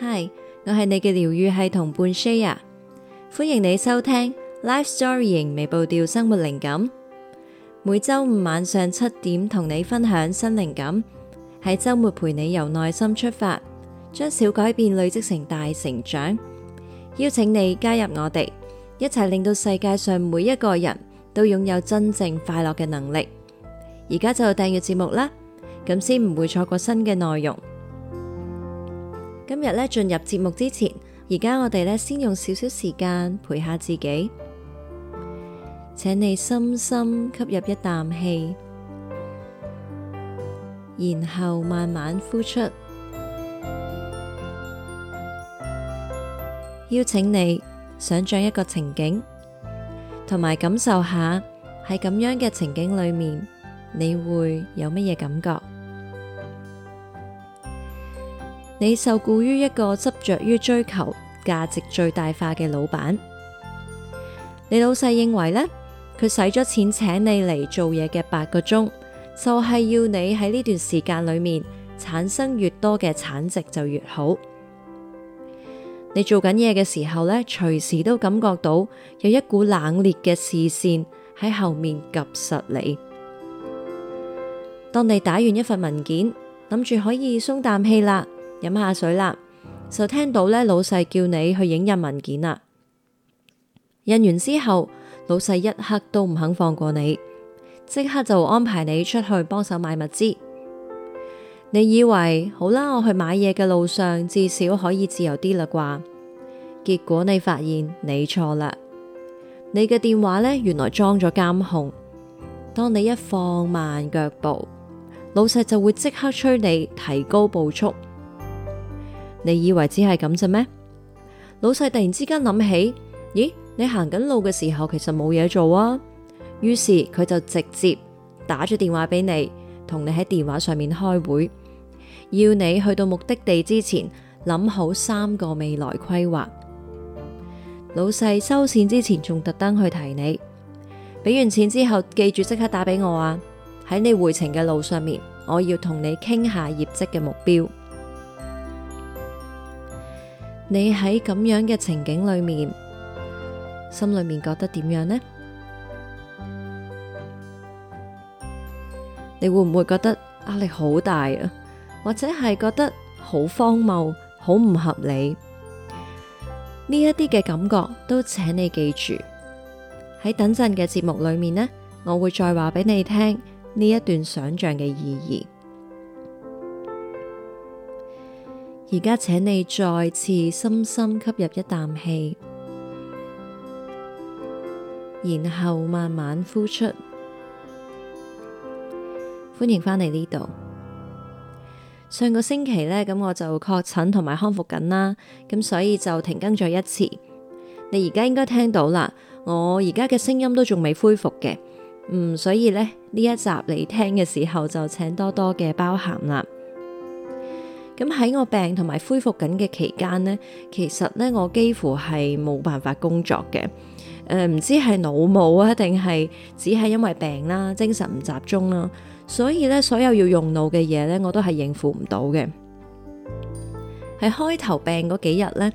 嗨，我係你嘅療愈系同伴 Shaya，歡迎你收聽 Life Story 型微步調生活靈感，每周五晚上七點同你分享新靈感，喺周末陪你由內心出發，將小改變累積成大成長，邀請你加入我哋，一齊令到世界上每一個人都擁有真正快樂嘅能力。而家就訂閱節目啦，咁先唔會錯過新嘅內容。今日咧，進入節目之前，而家我哋咧，先用少少時間陪下自己，請你深深吸入一啖氣，然後慢慢呼出。邀請你想象一個情景，同埋感受下喺咁樣嘅情景裏面，你會有乜嘢感覺？你受僱於一個執着於追求價值最大化嘅老闆，你老細認為咧，佢使咗錢請你嚟做嘢嘅八個鐘，就係要你喺呢段時間裏面產生越多嘅產值就越好。你做緊嘢嘅時候咧，隨時都感覺到有一股冷冽嘅視線喺後面及實你。當你打完一份文件，諗住可以鬆啖氣啦。飲下水啦，就聽到咧，老細叫你去影印文件啦。印完之後，老細一刻都唔肯放過你，即刻就安排你出去幫手買物資。你以為好啦，我去買嘢嘅路上至少可以自由啲啦啩？結果你發現你錯啦，你嘅電話咧，原來裝咗監控，當你一放慢腳步，老細就會即刻催你提高步速。你以為只係咁咋咩？老細突然之間諗起，咦？你行緊路嘅時候其實冇嘢做啊。於是佢就直接打咗電話俾你，同你喺電話上面開會，要你去到目的地之前諗好三個未來規劃。老細收錢之前仲特登去提你，俾完錢之後記住即刻打俾我啊。喺你回程嘅路上面，我要同你傾下業績嘅目標。你喺咁樣嘅情景裏面，心裏面覺得點樣呢？你會唔會覺得壓力好大啊？或者係覺得好荒謬，好唔合理？呢一啲嘅感覺都請你記住。喺等陣嘅節目裏面呢，我會再話俾你聽呢一段想象嘅意義。而家請你再次深深吸入一啖氣，然後慢慢呼出。歡迎返嚟呢度。上個星期呢，咁我就確診同埋康復緊啦，咁所以就停更咗一次。你而家應該聽到啦，我而家嘅聲音都仲未恢復嘅，嗯，所以呢，呢一集你聽嘅時候就請多多嘅包涵啦。咁喺我病同埋恢復緊嘅期間呢，其實咧我幾乎係冇辦法工作嘅。誒、呃、唔知係腦冇啊，定係只係因為病啦、啊，精神唔集中啦、啊，所以咧所有要用腦嘅嘢咧，我都係應付唔到嘅。喺開頭病嗰幾日咧，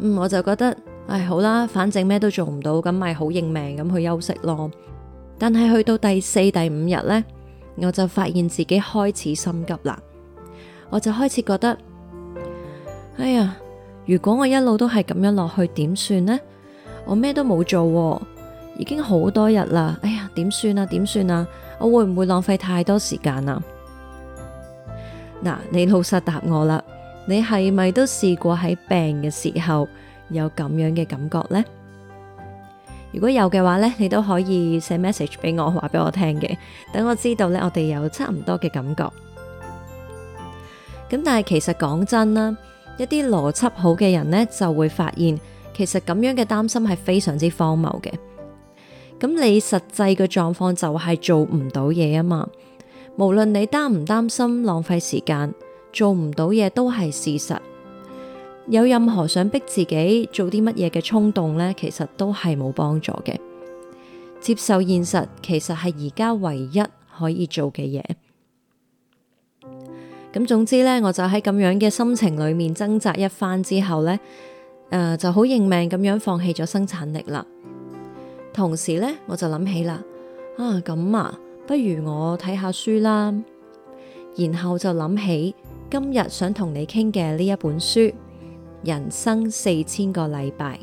嗯我就覺得，唉、哎、好啦，反正咩都做唔到，咁咪好認命咁去休息咯。但係去到第四、第五日咧，我就發現自己開始心急啦。我就開始覺得，哎呀，如果我一路都係咁樣落去，點算呢？我咩都冇做喎，已經好多日啦。哎呀，點算啊？點算啊？我會唔會浪費太多時間啊？嗱，你老實答我啦，你係咪都試過喺病嘅時候有咁樣嘅感覺呢？如果有嘅話咧，你都可以寫 message 俾我，話俾我聽嘅，等我知道咧，我哋有差唔多嘅感覺。咁但係其實講真啦，一啲邏輯好嘅人咧就會發現，其實咁樣嘅擔心係非常之荒謬嘅。咁你實際嘅狀況就係做唔到嘢啊嘛，無論你擔唔擔心浪費時間，做唔到嘢都係事實。有任何想逼自己做啲乜嘢嘅衝動咧，其實都係冇幫助嘅。接受現實，其實係而家唯一可以做嘅嘢。咁總之咧，我就喺咁樣嘅心情裏面掙扎一番之後咧，誒、呃、就好認命咁樣放棄咗生產力啦。同時咧，我就諗起啦，啊咁啊，不如我睇下書啦。然後就諗起今日想同你傾嘅呢一本書《人生四千個禮拜》，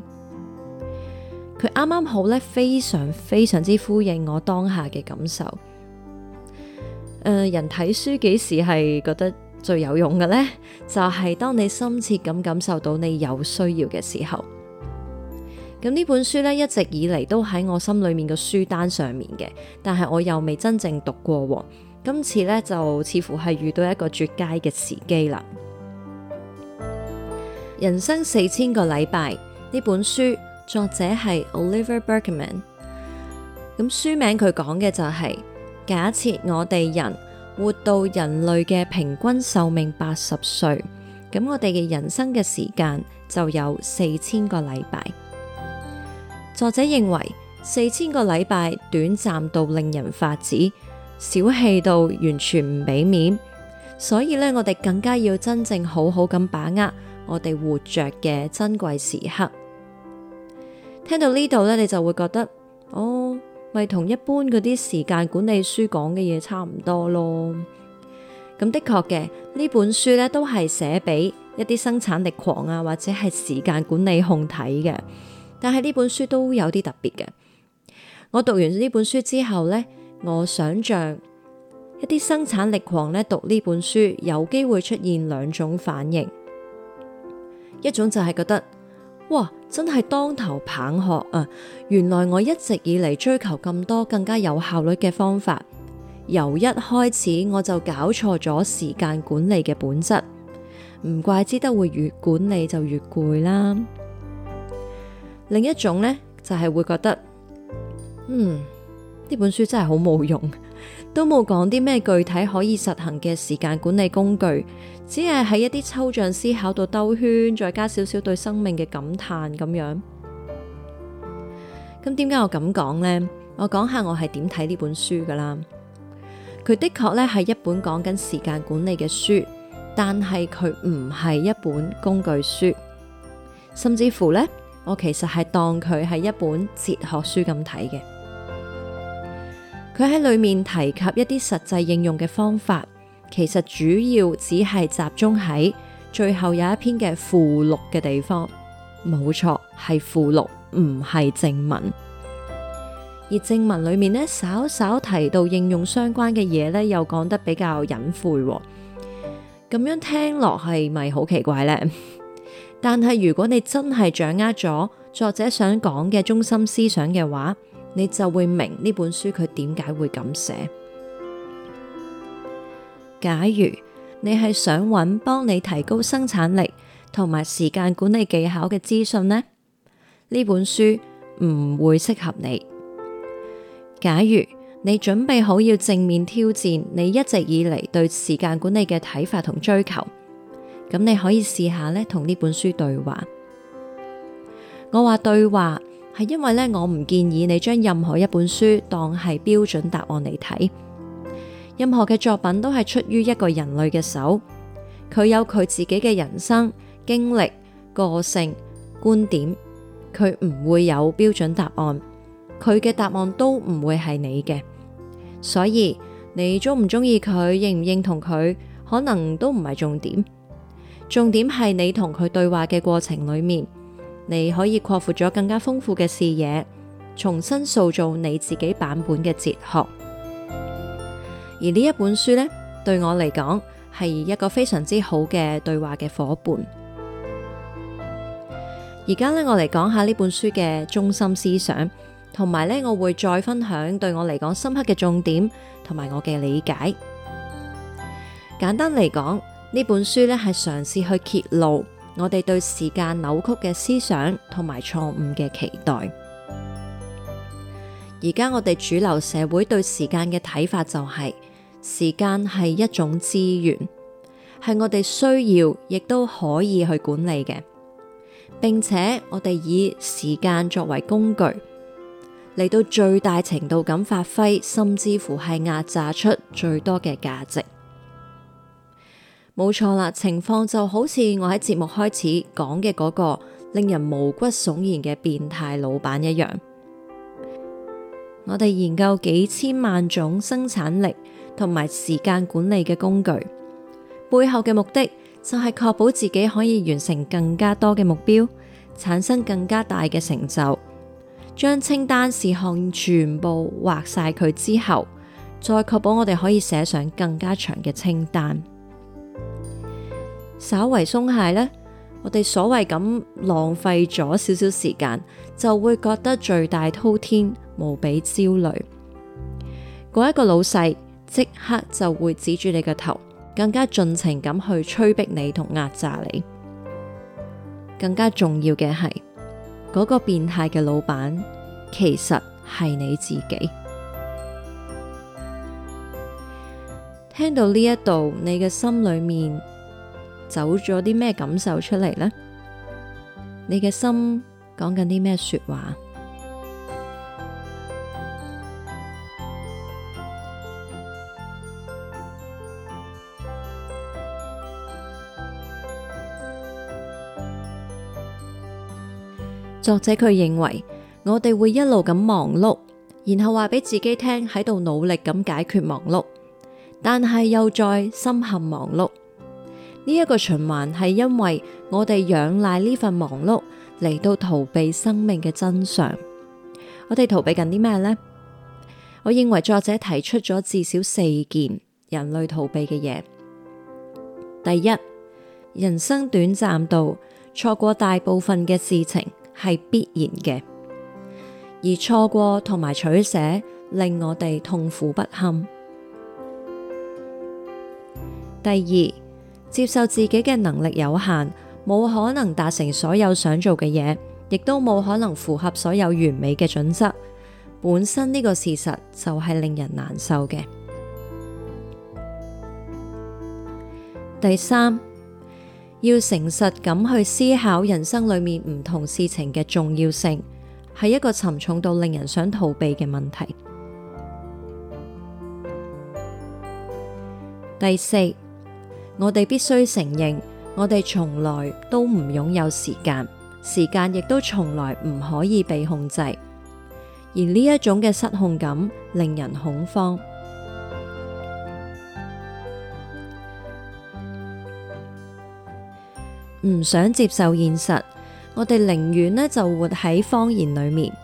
佢啱啱好咧非常非常之呼應我當下嘅感受。誒、呃，人睇書幾時係覺得？最有用嘅呢，就係、是、當你深切咁感受到你有需要嘅時候。咁呢本書呢，一直以嚟都喺我心裏面嘅書單上面嘅，但係我又未真正讀過。今次呢，就似乎係遇到一個絕佳嘅時機啦。人生四千個禮拜，呢本書作者係 Oliver Berkman。咁書名佢講嘅就係、是、假設我哋人。活到人類嘅平均壽命八十歲，咁我哋嘅人生嘅時間就有四千個禮拜。作者認為，四千個禮拜短暫到令人髮指，小氣到完全唔俾面，所以呢，我哋更加要真正好好咁把握我哋活着嘅珍貴時刻。聽到呢度呢，你就會覺得，哦。咪同一般嗰啲時間管理書講嘅嘢差唔多咯。咁的確嘅，呢本書咧都係寫俾一啲生產力狂啊或者係時間管理控睇嘅。但係呢本書都有啲特別嘅。我讀完呢本書之後呢，我想象一啲生產力狂咧讀呢本書，有機會出現兩種反應。一種就係覺得，哇！真係當頭棒喝啊！原來我一直以嚟追求咁多更加有效率嘅方法，由一開始我就搞錯咗時間管理嘅本質，唔怪之得會越管理就越攰啦。另一種呢，就係會覺得，嗯，呢本書真係好冇用。都冇講啲咩具體可以實行嘅時間管理工具，只係喺一啲抽象思考度兜圈，再加少少對生命嘅感嘆咁樣。咁點解我咁講呢？我講下我係點睇呢本書噶啦。佢的確咧係一本講緊時間管理嘅書，但係佢唔係一本工具書，甚至乎咧，我其實係當佢係一本哲學書咁睇嘅。佢喺裏面提及一啲實際應用嘅方法，其實主要只係集中喺最後有一篇嘅附錄嘅地方，冇錯係附錄，唔係正文。而正文裏面呢，稍稍提到應用相關嘅嘢呢，又講得比較隱晦，咁樣聽落係咪好奇怪呢？ 但係如果你真係掌握咗作者想講嘅中心思想嘅話，你就會明呢本書佢點解會咁寫。假如你係想揾幫你提高生產力同埋時間管理技巧嘅資訊呢，呢本書唔會適合你。假如你準備好要正面挑戰你一直以嚟對時間管理嘅睇法同追求，咁你可以試下呢同呢本書對話。我話對話。係因為咧，我唔建議你將任何一本書當係標準答案嚟睇。任何嘅作品都係出於一個人類嘅手，佢有佢自己嘅人生經歷、個性、觀點，佢唔會有標準答案，佢嘅答案都唔會係你嘅。所以你中唔中意佢，認唔認同佢，可能都唔係重點。重點係你同佢對話嘅過程裏面。你可以擴闊咗更加豐富嘅視野，重新塑造你自己版本嘅哲學。而呢一本書咧，對我嚟講係一個非常之好嘅對話嘅伙伴。而家咧，我嚟講下呢本書嘅中心思想，同埋咧，我會再分享對我嚟講深刻嘅重點，同埋我嘅理解。簡單嚟講，呢本書咧係嘗試去揭露。我哋對時間扭曲嘅思想同埋錯誤嘅期待。而家我哋主流社會對時間嘅睇法就係，時間係一種資源，係我哋需要，亦都可以去管理嘅，並且我哋以時間作為工具，嚟到最大程度咁發揮，甚至乎係壓榨出最多嘅價值。冇錯啦，情況就好似我喺節目開始講嘅嗰個令人毛骨悚然嘅變態老闆一樣。我哋研究幾千萬種生產力同埋時間管理嘅工具，背後嘅目的就係確保自己可以完成更加多嘅目標，產生更加大嘅成就。將清單事項全部畫晒佢之後，再確保我哋可以寫上更加長嘅清單。稍微鬆懈呢，我哋所謂咁浪費咗少少時間，就會覺得罪大滔天，無比焦慮。嗰一個老細即刻就會指住你嘅頭，更加盡情咁去催逼你同壓榨你。更加重要嘅係，嗰個變態嘅老闆其實係你自己。聽到呢一度，你嘅心裏面。走咗啲咩感受出嚟呢？你嘅心講緊啲咩說話？作者佢認為，我哋會一路咁忙碌，然後話俾自己聽喺度努力咁解決忙碌，但係又再深陷忙碌。呢一個循環係因為我哋仰賴呢份忙碌嚟到逃避生命嘅真相。我哋逃避緊啲咩呢？我認為作者提出咗至少四件人類逃避嘅嘢。第一，人生短暫度，錯過大部分嘅事情係必然嘅，而錯過同埋取捨令我哋痛苦不堪。第二，接受自己嘅能力有限，冇可能達成所有想做嘅嘢，亦都冇可能符合所有完美嘅準則。本身呢個事實就係令人難受嘅。第三，要誠實咁去思考人生裏面唔同事情嘅重要性，係一個沉重到令人想逃避嘅問題。第四，我哋必須承認，我哋從來都唔擁有時間，時間亦都從來唔可以被控制。而呢一種嘅失控感，令人恐慌。唔想接受現實，我哋寧願呢就活喺謊言裏面，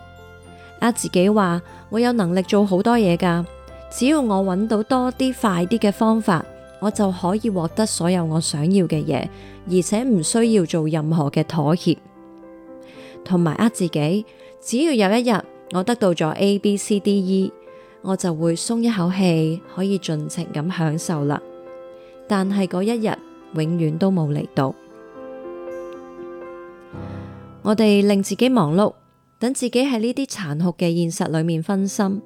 呃、啊、自己話我有能力做好多嘢㗎，只要我揾到多啲快啲嘅方法。我就可以獲得所有我想要嘅嘢，而且唔需要做任何嘅妥協，同埋呃自己。只要有一日我得到咗 A、B、C、D、E，我就會鬆一口氣，可以盡情咁享受啦。但係嗰一日永遠都冇嚟到。我哋令自己忙碌，等自己喺呢啲殘酷嘅現實裏面分心。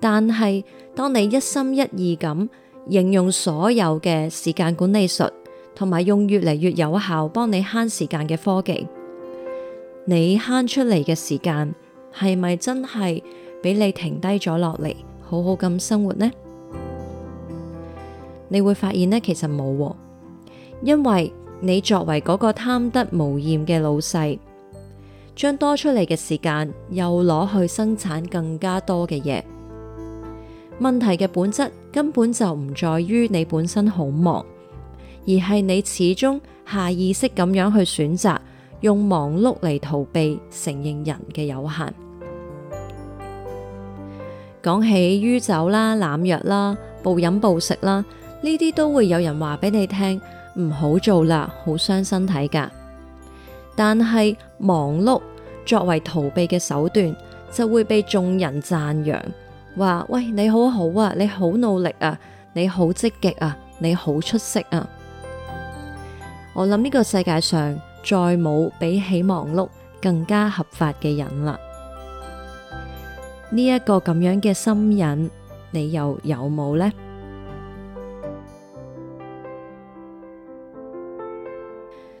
但係當你一心一意咁，應用所有嘅時間管理術，同埋用越嚟越有效幫你慳時間嘅科技，你慳出嚟嘅時間係咪真係俾你停低咗落嚟，好好咁生活呢？你會發現呢，其實冇啊，因為你作為嗰個貪得無厭嘅老細，將多出嚟嘅時間又攞去生產更加多嘅嘢。問題嘅本質根本就唔在於你本身好忙，而係你始終下意識咁樣去選擇用忙碌嚟逃避承認人嘅有限。講 起酗酒啦、濫藥啦、暴飲暴食啦，呢啲都會有人話俾你聽唔好做啦，好傷身體噶。但係忙碌作為逃避嘅手段，就會被眾人讚揚。話喂，你好好啊，你好努力啊，你好積極啊，你好出色啊！我諗呢個世界上再冇比起忙碌更加合法嘅人啦。呢一個咁樣嘅心癮，你又有冇呢？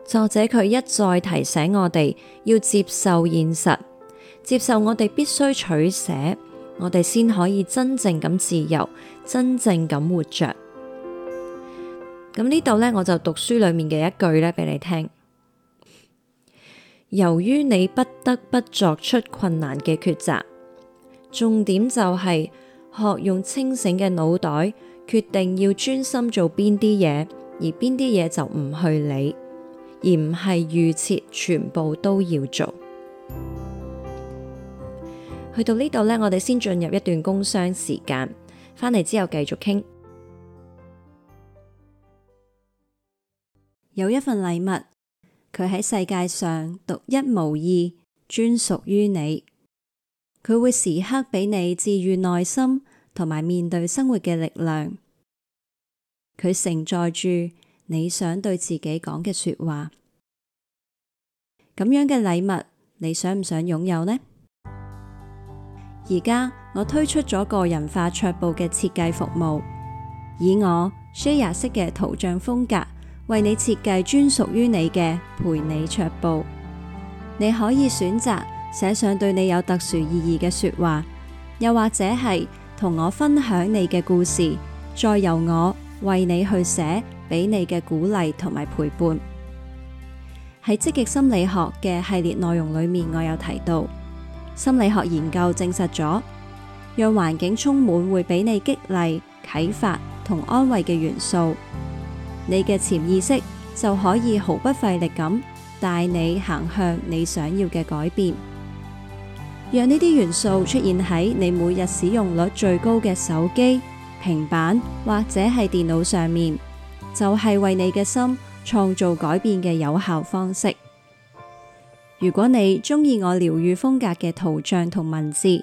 作者佢一再提醒我哋要接受現實，接受我哋必須取捨。我哋先可以真正咁自由，真正咁活着。咁呢度咧，我就讀書裏面嘅一句咧俾你聽。由於你不得不作出困難嘅抉擇，重點就係、是、學用清醒嘅腦袋決定要專心做邊啲嘢，而邊啲嘢就唔去理，而唔係預設全部都要做。去到呢度咧，我哋先進入一段工商時間，翻嚟之後繼續傾。有一份禮物，佢喺世界上獨一無二，專屬於你。佢會時刻俾你治愈內心同埋面對生活嘅力量。佢承載住你想對自己講嘅說話。咁樣嘅禮物，你想唔想擁有呢？而家我推出咗個人化桌布嘅設計服務，以我 share 式嘅圖像風格為你設計專屬於你嘅陪你桌布。你可以選擇寫上對你有特殊意義嘅說話，又或者係同我分享你嘅故事，再由我為你去寫俾你嘅鼓勵同埋陪伴。喺積極心理學嘅系列內容裏面，我有提到。心理學研究證實咗，讓環境充滿會俾你激勵、啟發同安慰嘅元素，你嘅潛意識就可以毫不費力咁帶你行向你想要嘅改變。讓呢啲元素出現喺你每日使用率最高嘅手機、平板或者係電腦上面，就係為你嘅心創造改變嘅有效方式。如果你中意我療愈風格嘅圖像同文字，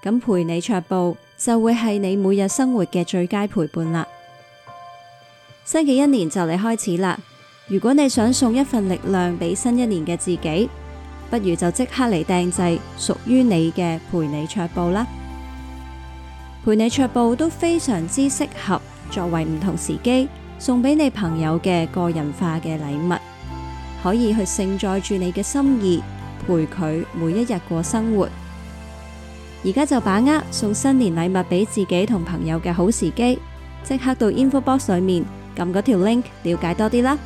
咁陪你桌步就會係你每日生活嘅最佳陪伴啦。新嘅一年就嚟開始啦，如果你想送一份力量俾新一年嘅自己，不如就即刻嚟訂製屬於你嘅「陪你桌步」啦。「陪你桌步」都非常之適合作為唔同時機送俾你朋友嘅個人化嘅禮物。可以去盛載住你嘅心意，陪佢每一日過生活。而家就把握送新年禮物俾自己同朋友嘅好時機，即刻到 info box 裏面撳嗰條 link 了解多啲啦。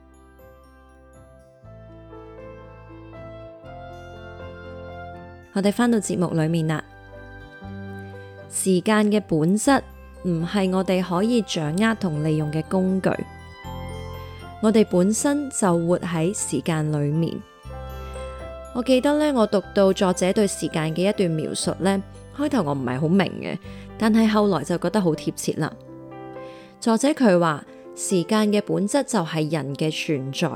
我哋翻到節目裏面啦，時間嘅本質。唔係我哋可以掌握同利用嘅工具，我哋本身就活喺時間裏面。我記得咧，我讀到作者對時間嘅一段描述咧，開頭我唔係好明嘅，但係後來就覺得好貼切啦。作者佢話，時間嘅本質就係人嘅存在，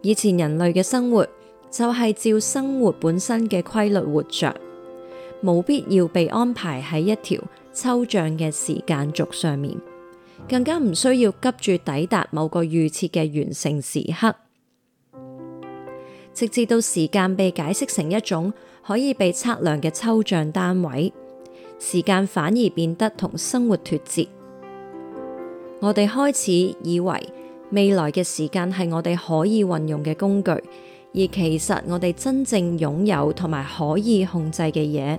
以前人類嘅生活就係照生活本身嘅規律活着，冇必要被安排喺一條抽象嘅時間軸上面，更加唔需要急住抵達某個預設嘅完成時刻，直至到時間被解釋成一種可以被測量嘅抽象單位，時間反而變得同生活脫節。我哋開始以為未來嘅時間係我哋可以運用嘅工具，而其實我哋真正擁有同埋可以控制嘅嘢。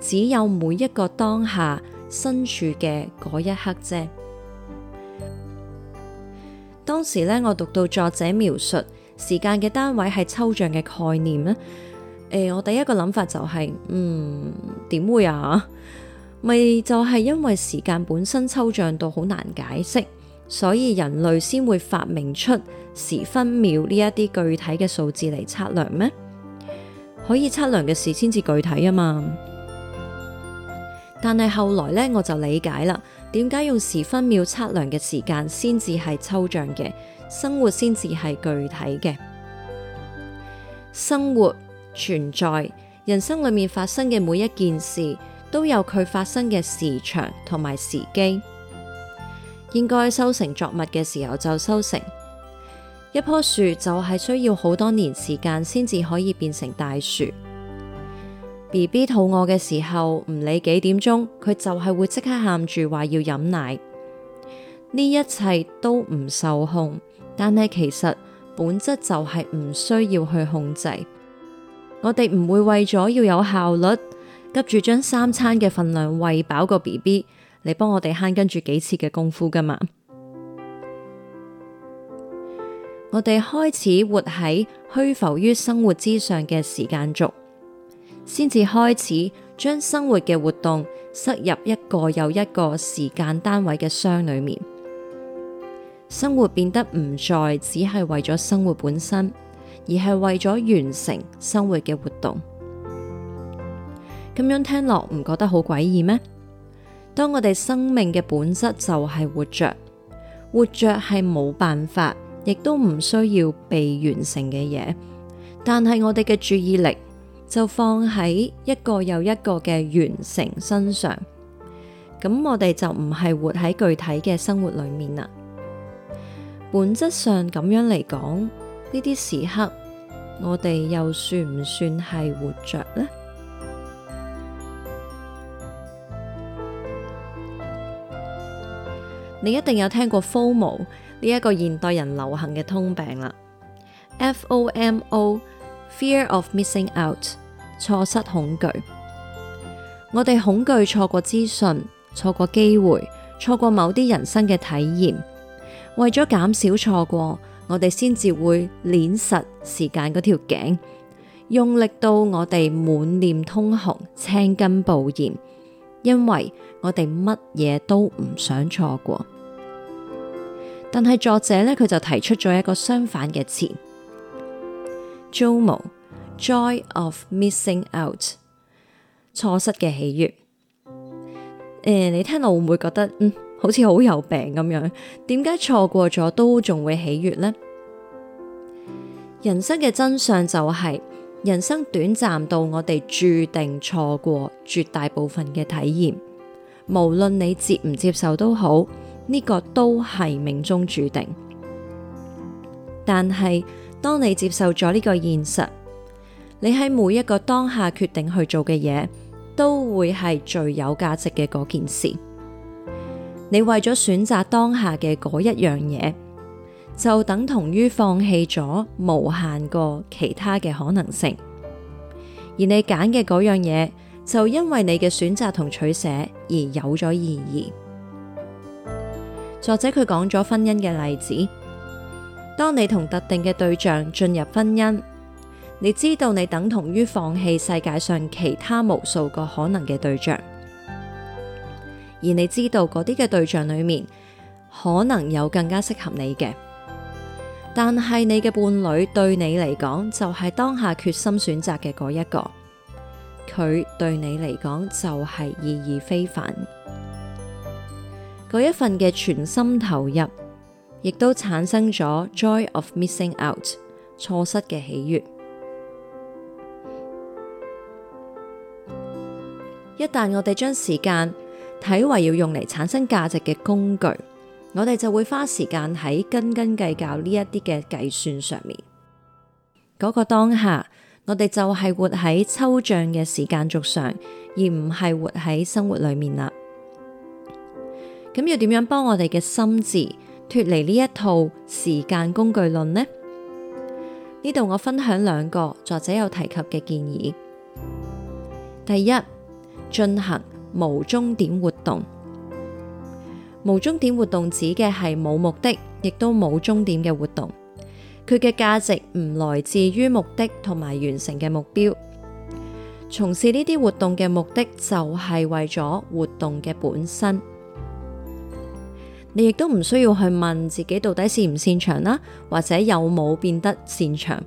只有每一個當下身處嘅嗰一刻啫。當時咧，我讀到作者描述時間嘅單位係抽象嘅概念呢，誒、欸，我第一個諗法就係、是，嗯，點會啊？咪就係、是、因為時間本身抽象到好難解釋，所以人類先會發明出時分秒呢一啲具體嘅數字嚟測量咩？可以測量嘅事先至具體啊嘛。但係後來呢，我就理解啦，點解用時分秒測量嘅時間先至係抽象嘅，生活先至係具體嘅。生活存在，人生裏面發生嘅每一件事，都有佢發生嘅時長同埋時機。應該收成作物嘅時候就收成，一棵樹就係需要好多年時間先至可以變成大樹。B B 肚餓嘅時候，唔理幾點鐘，佢就係會即刻喊住話要飲奶。呢一切都唔受控，但係其實本質就係唔需要去控制。我哋唔會為咗要有效率，急住將三餐嘅份量餵飽個 B B，嚟幫我哋慳跟住幾次嘅功夫㗎嘛。我哋開始活喺虛浮於生活之上嘅時間軸，先至開始將生活嘅活動塞入一個又一個時間單位嘅箱裏面，生活變得唔再只係為咗生活本身，而係為咗完成生活嘅活動。咁樣聽落唔覺得好詭異咩？當我哋生命嘅本質就係活着，活着係冇辦法，亦都唔需要被完成嘅嘢，但係我哋嘅注意力。就放喺一個又一個嘅完成身上，咁我哋就唔係活喺具體嘅生活裏面啦。本質上咁樣嚟講，呢啲時刻我哋又算唔算係活着呢？你一定有聽過 FOMO 呢一個現代人流行嘅通病啦，FOMO。Fear of missing out，錯失恐懼。我哋恐懼錯過資訊，錯過機會，錯過某啲人生嘅體驗。為咗減少錯過，我哋先至會捏實時間嗰條頸，用力到我哋滿臉通紅、青筋暴現，因為我哋乜嘢都唔想錯過。但係作者咧，佢就提出咗一個相反嘅詞。JOMO，Joy of Missing Out，錯失嘅喜悅。誒、呃，你聽到會唔會覺得，嗯、好似好有病咁樣？點解錯過咗都仲會喜悅呢？人生嘅真相就係、是，人生短暫到我哋注定錯過絕大部分嘅體驗，無論你接唔接受都好，呢、這個都係命中注定。但係。當你接受咗呢個現實，你喺每一個當下決定去做嘅嘢，都會係最有價值嘅嗰件事。你為咗選擇當下嘅嗰一樣嘢，就等同於放棄咗無限個其他嘅可能性。而你揀嘅嗰樣嘢，就因為你嘅選擇同取捨而有咗意義。作者佢講咗婚姻嘅例子。當你同特定嘅對象進入婚姻，你知道你等同於放棄世界上其他無數個可能嘅對象，而你知道嗰啲嘅對象裏面可能有更加適合你嘅，但係你嘅伴侶對你嚟講就係當下決心選擇嘅嗰一個，佢對你嚟講就係意義非凡，嗰一份嘅全心投入。亦都產生咗 joy of missing out 錯失嘅喜悅。一旦我哋將時間睇為要用嚟產生價值嘅工具，我哋就會花時間喺斤斤計較呢一啲嘅計算上面。嗰個當下，我哋就係活喺抽象嘅時間軸上，而唔係活喺生活裡面啦。咁要點樣幫我哋嘅心智脫離呢一套時間工具論呢？呢度我分享兩個作者有提及嘅建議。第一，進行無終點活動。無終點活動指嘅係冇目的，亦都冇終點嘅活動。佢嘅價值唔來自於目的同埋完成嘅目標。從事呢啲活動嘅目的就係為咗活動嘅本身。你亦都唔需要去問自己到底擅唔擅長啦，或者有冇變得擅長，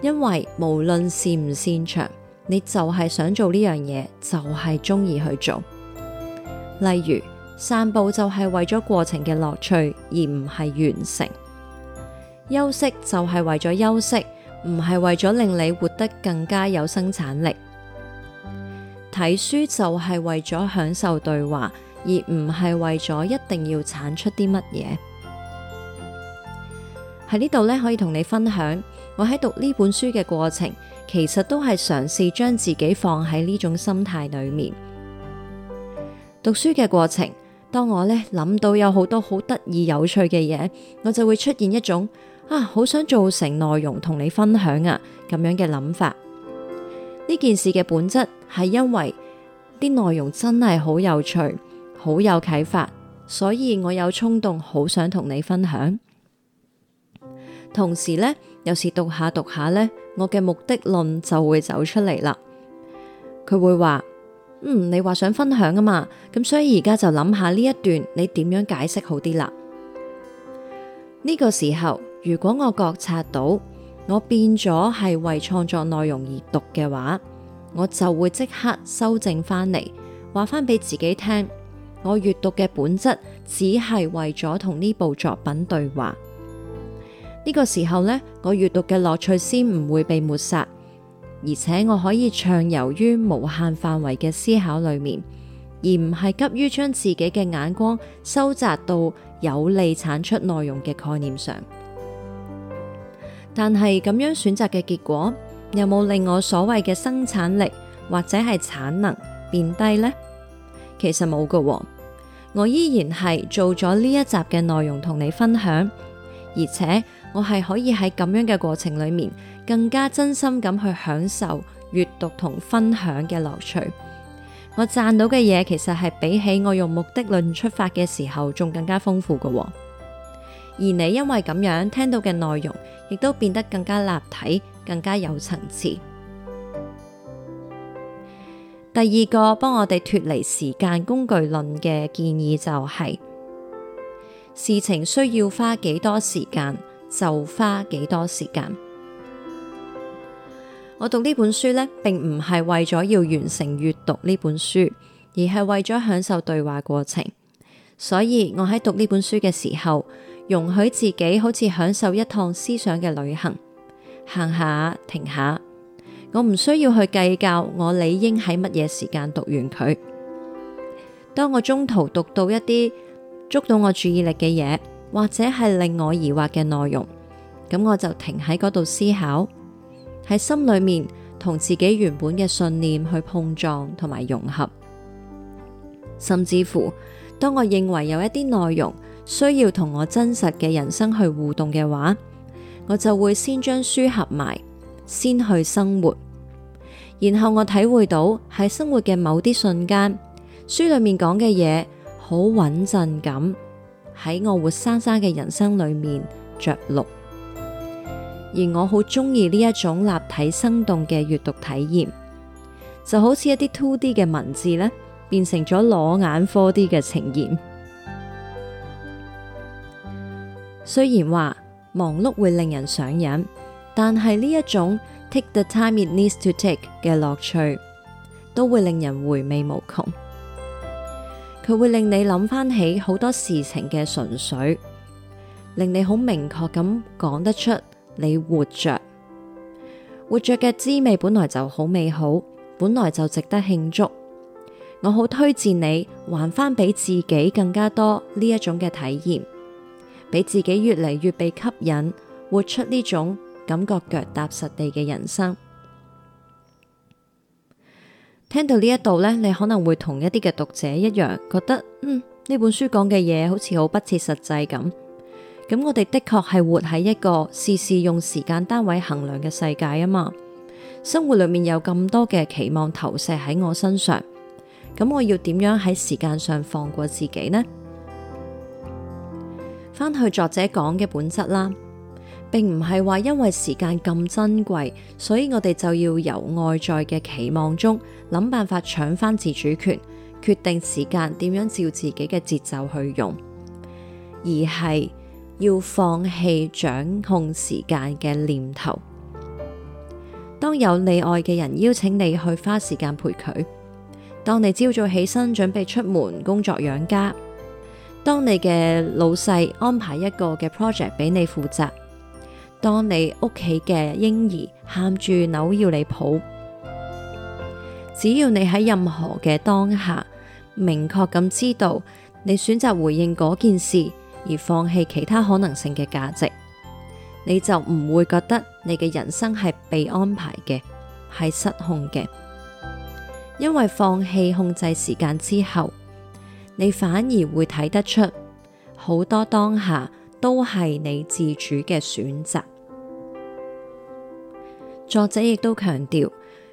因為無論擅唔擅長，你就係想做呢樣嘢，就係中意去做。例如散步就係為咗過程嘅樂趣，而唔係完成；休息就係為咗休息，唔係為咗令你活得更加有生產力；睇書就係為咗享受對話。而唔係為咗一定要產出啲乜嘢。喺呢度呢，可以同你分享。我喺讀呢本書嘅過程，其實都係嘗試將自己放喺呢種心態裏面讀書嘅過程。當我呢諗到有好多好得意、有趣嘅嘢，我就會出現一種啊，好想做成內容同你分享啊咁樣嘅諗法。呢件事嘅本質係因為啲內容真係好有趣。好有啟發，所以我有衝動，好想同你分享。同時呢，有時讀下讀下呢，我嘅目的論就會走出嚟啦。佢會話：嗯，你話想分享啊嘛，咁所以而家就諗下呢一段，你點樣解釋好啲啦？呢個時候，如果我覺察到我變咗係為創作內容而讀嘅話，我就會即刻修正翻嚟，話翻俾自己聽。我閱讀嘅本質只係為咗同呢部作品對話，呢、呢個時候呢，我閱讀嘅樂趣先唔會被抹殺，而且我可以暢遊於無限範圍嘅思考裏面，而唔係急於將自己嘅眼光收窄到有利產出內容嘅概念上。但係咁樣選擇嘅結果，有冇令我所謂嘅生產力或者係產能變低呢？其實冇噶喎，我依然係做咗呢一集嘅內容同你分享，而且我係可以喺咁樣嘅過程裏面，更加真心咁去享受閱讀同分享嘅樂趣。我賺到嘅嘢其實係比起我用目的論出發嘅時候，仲更加豐富噶喎。而你因為咁樣聽到嘅內容，亦都變得更加立體，更加有層次。第二個幫我哋脫離時間工具論嘅建議就係，事情需要花幾多時間就花幾多時間。我讀呢本書咧，並唔係為咗要完成閱讀呢本書，而係為咗享受對話過程。所以我喺讀呢本書嘅時候，容許自己好似享受一趟思想嘅旅行，行下，停下。我唔需要去計較，我理應喺乜嘢時間讀完佢。當我中途讀到一啲捉到我注意力嘅嘢，或者係令我疑惑嘅內容，咁我就停喺嗰度思考，喺心裏面同自己原本嘅信念去碰撞同埋融合。甚至乎，當我認為有一啲內容需要同我真實嘅人生去互動嘅話，我就會先將書合埋。先去生活，然後我體會到喺生活嘅某啲瞬間，書裏面講嘅嘢好穩陣咁喺我活生生嘅人生裏面着陸，而我好中意呢一種立體生動嘅閱讀體驗，就好似一啲 two D 嘅文字呢，變成咗裸眼 four D 嘅呈現。雖然話忙碌會令人上癮。但係呢一種 take the time it needs to take 嘅樂趣，都會令人回味無窮。佢會令你諗翻起好多事情嘅純粹，令你好明確咁講得出你活着。活着嘅滋味本來就好美好，本來就值得慶祝。我好推薦你還翻俾自己更加多呢一種嘅體驗，俾自己越嚟越被吸引，活出呢種感覺腳踏實地嘅人生，聽到呢一度咧，你可能會同一啲嘅讀者一樣，覺得嗯，呢本書講嘅嘢，好似好不切實際咁。咁我哋的確係活喺一個事事用時間單位衡量嘅世界啊嘛。生活裏面有咁多嘅期望投射喺我身上，咁我要點樣喺時間上放過自己呢？翻去作者講嘅本質啦。並唔係話，因為時間咁珍貴，所以我哋就要由外在嘅期望中諗辦法搶翻自主權，決定時間點樣照自己嘅節奏去用，而係要放棄掌控時間嘅念頭。當有你愛嘅人邀請你去花時間陪佢，當你朝早起身準備出門工作養家，當你嘅老細安排一個嘅 project 俾你負責。當你屋企嘅嬰兒喊住扭要你抱，只要你喺任何嘅當下，明確咁知道你選擇回應嗰件事，而放棄其他可能性嘅價值，你就唔會覺得你嘅人生係被安排嘅，係失控嘅。因為放棄控制時間之後，你反而會睇得出，好多當下都係你自主嘅選擇。作者亦都強調，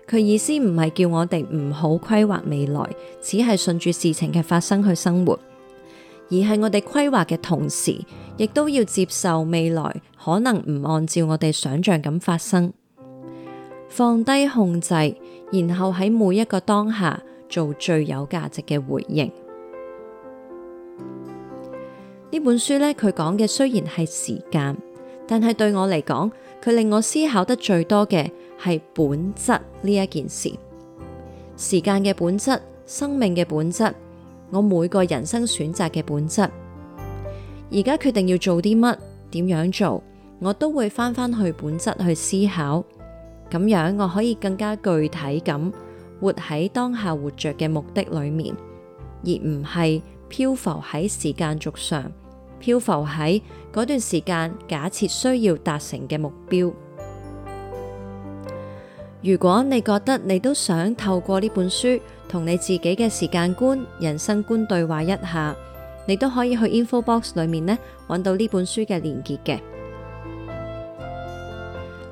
佢意思唔係叫我哋唔好規劃未來，只係順住事情嘅發生去生活，而係我哋規劃嘅同時，亦都要接受未來可能唔按照我哋想象咁發生，放低控制，然後喺每一個當下做最有價值嘅回應。呢本書呢，佢講嘅雖然係時間，但係對我嚟講。佢令我思考得最多嘅係本質呢一件事，時間嘅本質、生命嘅本質，我每個人生選擇嘅本質，而家決定要做啲乜、點樣做，我都會翻返去本質去思考，咁樣我可以更加具體咁活喺當下活着嘅目的裏面，而唔係漂浮喺時間軸上。漂浮喺嗰段時間，假設需要達成嘅目標。如果你覺得你都想透過呢本書同你自己嘅時間觀、人生觀對話一下，你都可以去 info box 裏面呢，揾到呢本書嘅連結嘅。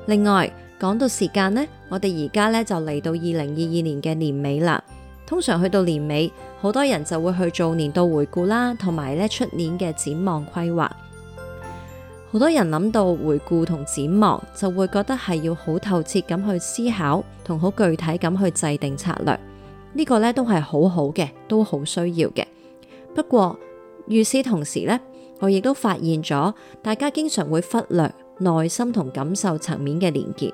另外，講到時間呢，我哋而家呢就嚟到二零二二年嘅年尾啦。通常去到年尾。好多人就會去做年度回顧啦，同埋咧出年嘅展望規劃。好多人諗到回顧同展望，就會覺得係要好透徹咁去思考，同好具體咁去制定策略。這個、呢個咧都係好好嘅，都好都需要嘅。不過，與此同時咧，我亦都發現咗大家經常會忽略內心同感受層面嘅連結。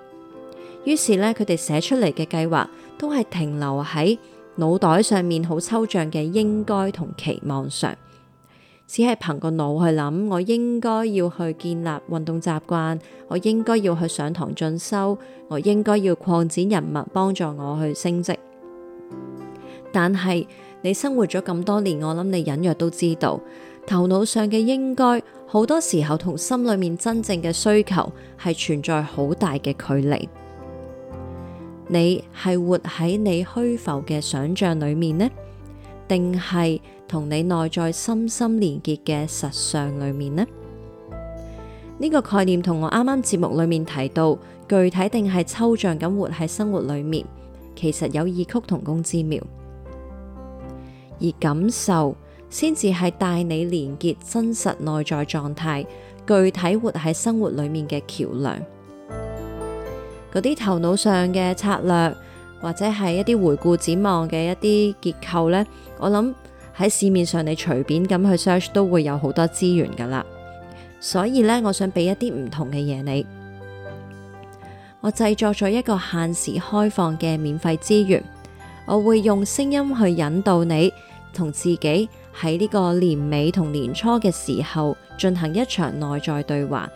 於是咧，佢哋寫出嚟嘅計劃都係停留喺。腦袋上面好抽象嘅「應該同期望上」，只係憑個腦去諗，我應該要去建立運動習慣，我應該要去上堂進修，我應該要擴展人脈，幫助我去升職。但係你生活咗咁多年，我諗你隱約都知道，頭腦上嘅應該，好多時候同心裏面真正嘅需求係存在好大嘅距離。你係活喺你虛浮嘅想象裏面呢，定係同你內在深深連結嘅實相裏面呢？呢個概念同我啱啱節目裏面提到，具體定係抽象咁活喺生活裏面，其實有異曲同工之妙。而感受先至係帶你連結真實內在狀態，具體活喺生活裏面嘅橋梁。嗰啲頭腦上嘅策略，或者係一啲回顧展望嘅一啲結構呢，我諗喺市面上你隨便咁去 search 都會有好多資源噶啦。所以呢，我想俾一啲唔同嘅嘢你。我製作咗一個限時開放嘅免費資源，我會用聲音去引導你同自己喺呢個年尾同年初嘅時候進行一場內在對話，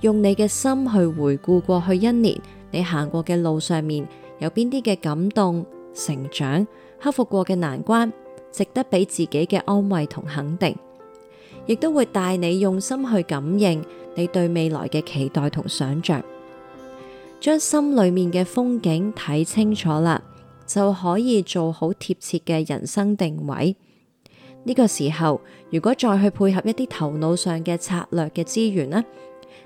用你嘅心去回顧過去一年。你行過嘅路上面有邊啲嘅感動、成長、克服過嘅難關，值得俾自己嘅安慰同肯定，亦都會帶你用心去感應你對未來嘅期待同想象，將心裏面嘅風景睇清楚啦，就可以做好貼切嘅人生定位。呢個時候，如果再去配合一啲頭腦上嘅策略嘅資源呢，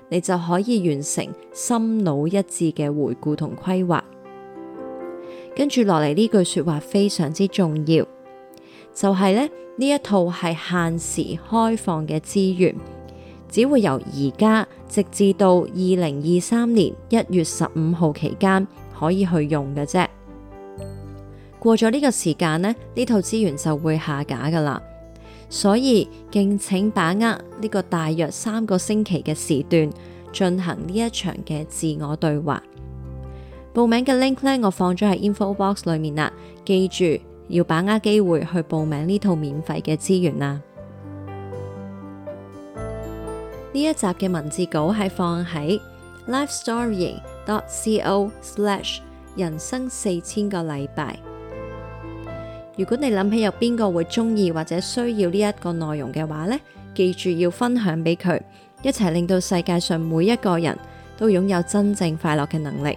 你就可以完成心腦一致嘅回顧同規劃，跟住落嚟呢句說話非常之重要，就係呢，呢一套係限時開放嘅資源，只會由而家直至到二零二三年一月十五號期間可以去用嘅啫。過咗呢個時間呢，呢套資源就會下架噶啦。所以，敬請把握呢個大約三個星期嘅時段，進行呢一場嘅自我對話。報名嘅 link 咧，我放咗喺 info box 裏面啦。記住要把握機會去報名呢套免費嘅資源啦。呢一集嘅文字稿係放喺 life story dot co slash 人生四千個禮拜。如果你諗起有邊個會中意或者需要呢一個內容嘅話呢，記住要分享俾佢，一齊令到世界上每一個人都擁有真正快樂嘅能力。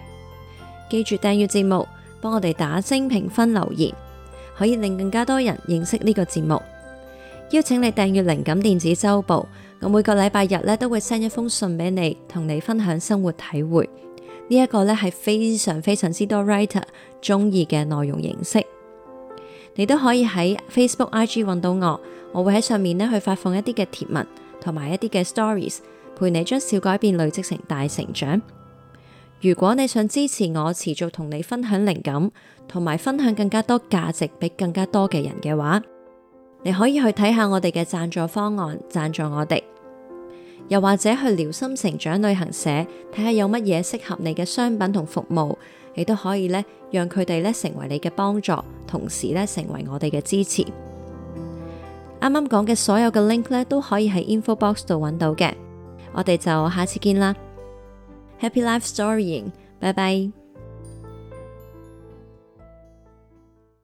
記住訂閱節目，幫我哋打星、評分、留言，可以令更加多人認識呢個節目。邀請你訂閱靈感電子周報，我每個禮拜日咧都會 send 一封信俾你，同你分享生活體會。呢一個咧係非常非常之多 writer 中意嘅內容形式。你都可以喺 Facebook、IG 揾到我，我會喺上面咧去發放一啲嘅貼文，同埋一啲嘅 Stories，陪你將小改變累積成大成長。如果你想支持我，持續同你分享靈感，同埋分享更加多價值俾更加多嘅人嘅話，你可以去睇下我哋嘅贊助方案，贊助我哋，又或者去聊心成長旅行社，睇下有乜嘢適合你嘅商品同服務。你都可以咧，讓佢哋咧成為你嘅幫助，同時咧成為我哋嘅支持。啱啱講嘅所有嘅 link 咧，都可以喺 info box 度揾到嘅。我哋就下次見啦，Happy life storying，拜拜。